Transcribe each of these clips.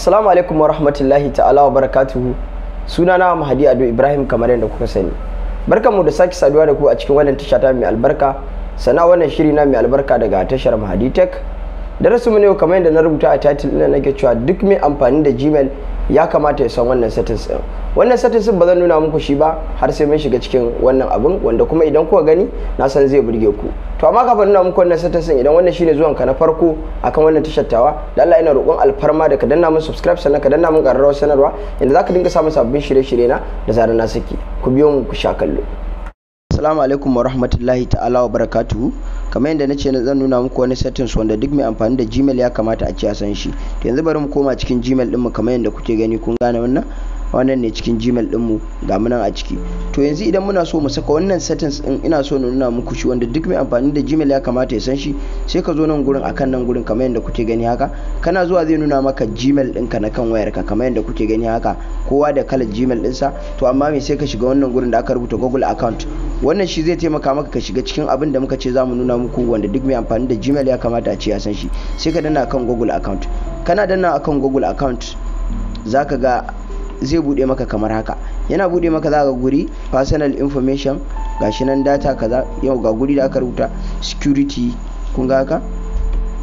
Assalamu alaikum wa rahmatullahi ta'ala wa barakatuhu sunana Mahadi Ado Ibrahim kamar yadda kuka sani mu da sake saduwa da ku a cikin wannan tasha ta mai albarka sana wannan shiri na mai albarka daga tashar Mahadi Tech darasinmu ne kamar yadda na rubuta a title ɗin nake cewa duk mai amfani da Gmail ya kamata ya san wannan settings din wannan settings din ba zan nuna muku shi ba har sai mun shiga cikin wannan abin wanda kuma idan kuka gani na san zai burge ku to amma kafin nuna muku wannan settings din idan wannan shine zuwan ka na farko akan wannan tashar tawa da Allah ina roƙon alfarma da ka danna mun subscribe sannan ka danna mun ƙararrawar sanarwa inda zaka dinga samun sabbin shirye-shirye na da zarar na saki ku biyo mu ku sha kallo Assalamu alaikum wa rahmatullahi ta'ala wa barakatu kamar yadda na ce zan nuna muku wani settings wanda duk mai amfani da Gmail ya kamata a ci a san shi to yanzu bari mu koma cikin Gmail ɗinmu kamar yadda kuke gani kun gane wannan wannan ne cikin gmail dinmu ga munan a ciki to yanzu idan muna so mu saka wannan settings din ina so na nuna muku shi wanda duk mai amfani da gmail ya kamata ya san shi sai ka zo nan gurin akan nan gurin kamar yadda kuke gani haka kana zuwa zai nuna maka gmail ɗinka na kan wayar ka kamar yadda kuke gani haka kowa da kalar gmail sa to amma me sai ka shiga wannan gurin da aka rubuta google account wannan shi zai taimaka maka ka shiga cikin abin da muka ce za mu nuna muku wanda duk mai amfani da gmail ya kamata a ce ya san shi sai ka danna akan google account kana danna akan google account zaka ga zai bude maka kamar haka yana bude maka za ga guri personal information gashi nan data kaza yau ga guri da aka rubuta security kun ga haka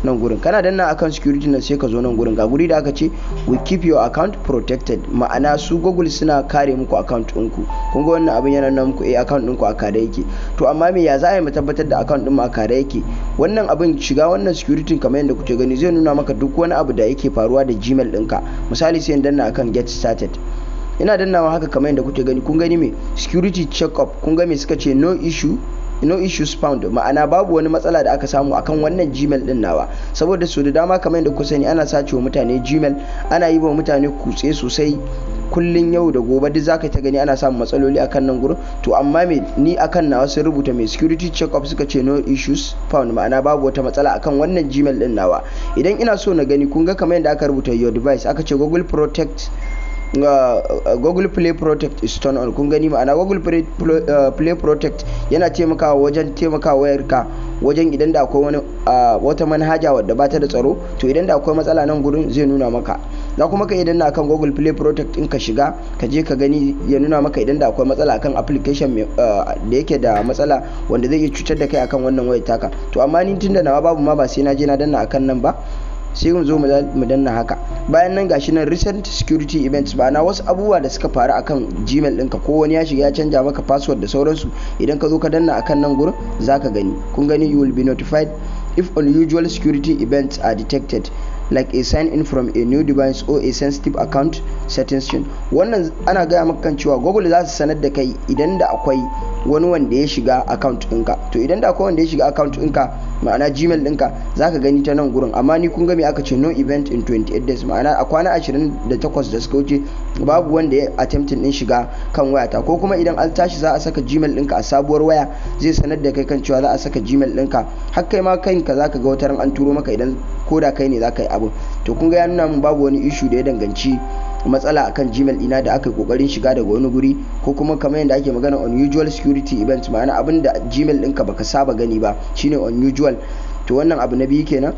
nan gurin kana danna akan security nan sai ka zo nan gurin ga guri da aka ce we keep your account protected ma'ana su google suna kare muku account ɗinku kun ga wannan abin yana nan muku eh account ɗinku a kare yake to amma me ya za a yi mu tabbatar da account ɗin mu a kare yake wannan abin shiga wannan security kamar yadda kuke gani zai nuna maka duk wani abu da yake faruwa da gmail ɗinka misali sai in danna akan get started ina dannawa haka kamar yadda kuke gani kun gani me security check up kun ga me suka ce no issue no issues found ma'ana babu wani matsala da aka samu akan wannan gmail din nawa saboda su da dama kamar yadda ku sani ana sace wa mutane gmail ana yi wa mutane kutse sosai kullun yau da gobe duk zaka ta gani ana samun matsaloli akan nan gurin to amma me ni akan nawa sun rubuta mai security check up suka ce no issues found ma'ana babu wata matsala akan wannan gmail din nawa idan ina so na gani kun ga kamar yadda aka rubuta your device aka ce google protect Uh, google play protect is turned on kun gani ma'ana google uh, play, protect yana taimakawa wajen taimakawa wayarka wajen idan da akwai wani uh, wata manhaja wadda ba ta da tsaro to idan da akwai matsala nan gurin zai nuna maka za kuma ka idan na kan google play protect in ka shiga ka je ka gani ya nuna maka idan da akwai matsala akan application da yake da matsala wanda zai iya cutar da kai akan wannan wayar taka to amma ni tunda nawa babu ma ba sai na je na danna akan nan ba sai mu zo mu danna haka bayan nan gashi nan recent security events ba na wasu abubuwa da suka faru akan gmail ɗinka ko wani ya shiga ya canja maka password da sauransu idan ka zo ka danna akan nan gurin zaka gani kun gani you will be notified if unusual security events are detected like a sign in from a new device or a sensitive account settings wannan ana gaya maka kan cewa google za su sanar da kai idan da akwai wani wanda ya shiga account ɗinka to idan da akwai wanda ya shiga account ɗinka ma'ana gmail ɗinka zaka gani ta nan gurin amma ni kun ga me aka ce no event in 28 days ma'ana a kwana 28 da suka wuce babu wanda ya attempting din shiga kan wayata ko kuma idan an tashi za a saka gmail ɗinka a sabuwar waya zai sanar da kai kan cewa za a saka gmail ɗinka har kai ma kanka zaka ga wata ran an turo maka idan koda kai ne zaka yi abu to kun ga ya nuna min babu wani issue da ya danganci matsala akan gmail ina da aka yi kokarin shiga daga wani guri ko kuma kamar yadda ake magana unusual security event ma'ana abin da gmail ɗinka baka saba gani ba shine unusual to wannan abu na biyu kenan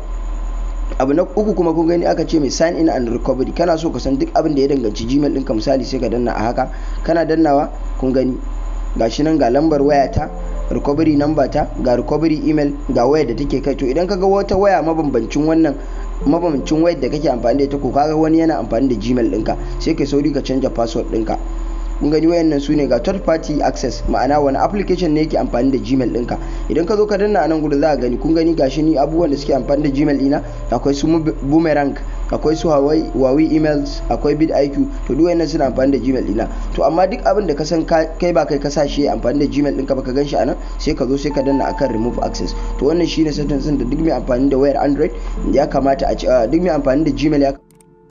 abu na uku kuma kun gani aka ce mai sign in and recovery kana so ka san duk abin da ya danganci gmail ɗinka misali sai ka danna a haka kana dannawa kun gani gashi nan ga lambar waya ta recovery number ta ga recovery email ga waya da take kai to idan kaga wata waya mabambancin wannan mabamcin wayar da kake amfani da ita ko kaga wani yana amfani da gmail ɗinka sai ka sauri ka canja password ɗinka kun gani wayannan su ne ga third party access ma'ana wani application ne yake amfani da gmail ɗinka idan ka zo ka danna anan gudu za ka gani kun gani gashi ni abubuwan da suke amfani da gmail ɗina akwai su boomerang akwai su huawei emails akwai bidiq to duk wayannan suna amfani da gmail ɗina to amma duk abin da ka san kai ba kai ka sa shi amfani da gmail ɗinka ba ka gan shi anan sai ka zo sai ka danna akan remove access to wannan shine sentence da duk mai amfani da wayar android ya kamata a duk mai amfani da gmail ya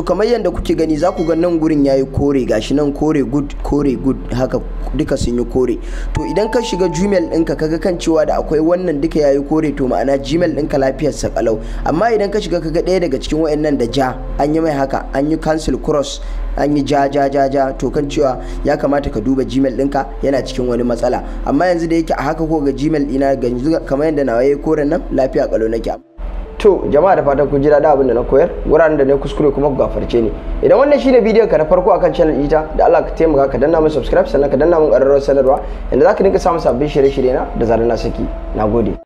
kamar yadda kuke gani za ku ga nan gurin ya yi kore gashi nan kore good kore good haka duka sun yi kore to idan ka shiga gmail ɗinka kaga kan cewa da akwai wannan duka ya yi kore to ma'ana gmail ɗinka lafiyar sa kalau amma idan ka shiga kaga ɗaya daga cikin wayannan da ja an yi mai haka an yi cancel cross an yi ja ja ja ja to kan cewa ya kamata ka duba gmail ɗinka yana cikin wani matsala amma yanzu da yake a haka ko ga gmail ɗina ga kamar yadda nawa yi kore nan lafiya kalau nake to jama'a da fatan kun ji dadi abin da na koyar wuraren da na kuskure kuma ku gafarce ni idan wannan shine bidiyon ka na farko akan channel ita da Allah ka taimaka ka danna min subscribe sannan ka danna min ƙararrawar sanarwa inda za ka dinga samun sabbin shirye-shirye na da zarar na saki nagode